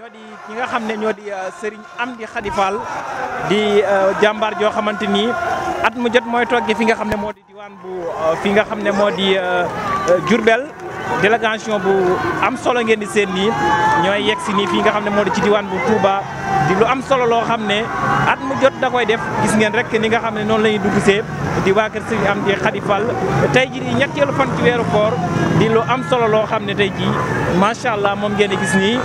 ñoo di ki nga xam ne ñoo di euh, Serigne am Khady Fall di euh, jàmbaar joo xamante ni at mu jot mooy toggee fi nga xam ne moo di diwaan bu euh, fi nga xam ne moo di Diourbel délégation bu am solo ngeen di seen nii ñooy yegg si nii fii nga xam ne moo di ci diwaan bu Touba di lu am solo loo xam ne at mu jot da koy def gis ngeen rek ni nga xam ne noonu la ñuy dugg di waa kër Sëriñ Amdi Khady Fall tey jii di ñetteelu fan ci weeru koor di lu am solo loo xam ne tey jii macha allah moom ngeen gis nii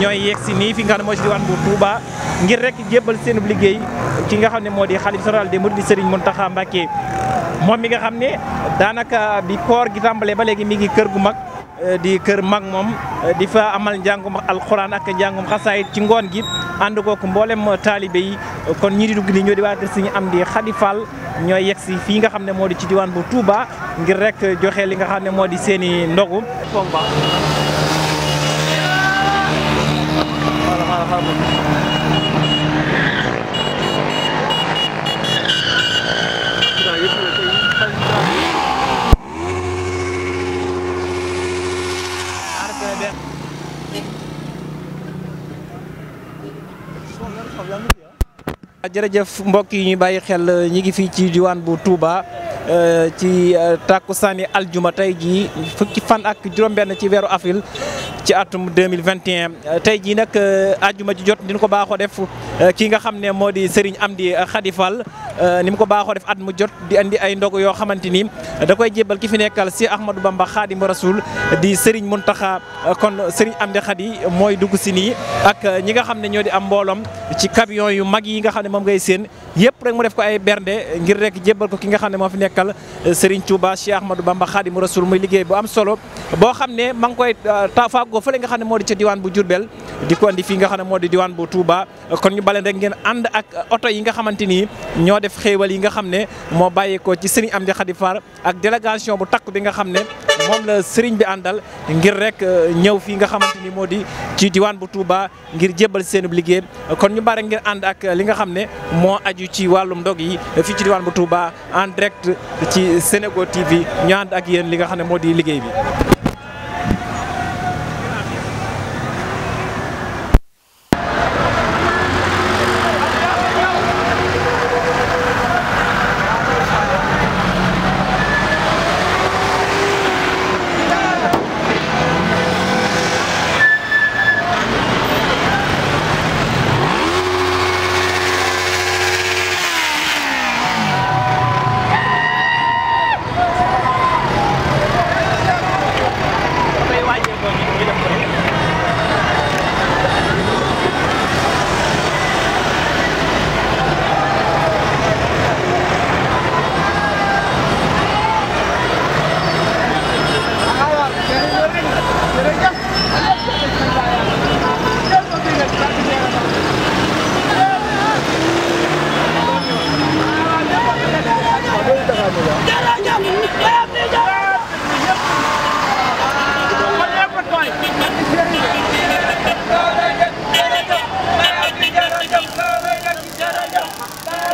ñooy yegg si nii fi nga xam ne moo si diwaan bu Touba ngir rek jébbal seen liggéey ki nga xam ne moo di xalif général des mourides Serigne Mountakha Mbacké moom mi nga xam ne daanaka bi koor gi tàmbalee ba léegi mi ngi kër gu mag di kër mag moom di fa amal njàngum alxuraan ak njàngum xasaayit ci ngoon gi ànd kook mboolem taalibe yi kon ñii di dugg nii ñoo di waa kër Sëriñ Amdi Khady Fall ñooy yegg si fii nga xam ne moo di ci diwaan bu Touba ngir rek joxe li nga xam ne moo di seeni ndogu. hablando jërëjëf mbokk yi ñu bàyyi xel euh, ñi ngi fii ci diwaan bu Touba euh, ci euh, tàkku takkusaani aljuma tey jii fukki fan ak juróom-benn ci weeru avril ci atum 2021 tey jii nag euh, àjjuma ji jot ni ko baaxoo def euh, kii nga xam ne moo di sëriñ Amdi euh, Khady Fall ni mu ko baaxoo def at mu jot di andi ay ndog yoo xamante ni da koy jébbal ki fi nekkal si Ahmadou Bamba Khadim Rasoul di Serigne Mountakha kon Serigne Amdi Khady mooy dugg si nii ak ñi nga xam ne ñoo di am mbooloom ci camion yu mag yi nga xam ne moom ngay seen yëpp rek mu def ko ay bernde ngir rek jébbal ko ki nga xam ne moo fi nekkal Serigne Touba Cheikh Ahmadou Bamba Khadim Rasoul muy liggéey bu am solo ma ngi ko fële nga xam ne moo di ca diwaan bu Diourbel di ko andi fii nga xam ne moo di diwaan bu Touba kon ñu baleen rek ngeen ànd ak oto yi nga xamante ni ñoo def xéewal yi nga xam ne moo bàyyeekoo ci Serigne Amdi Khady Fall ak délégation bu takk bi nga xam ne moom la Serigne bi àndal ngir rek euh, ñëw fii nga xamante ni moo di ci diwaan bu Touba ngir jébbal seenub liggéey kon ñu bare ngeen ànd ak li nga xam ne moo aju ci wàllum ndog yi fii ci diwaan bu Touba en ci Sénégo TV ñu ak yéen li nga xam ne moo di liggéey bi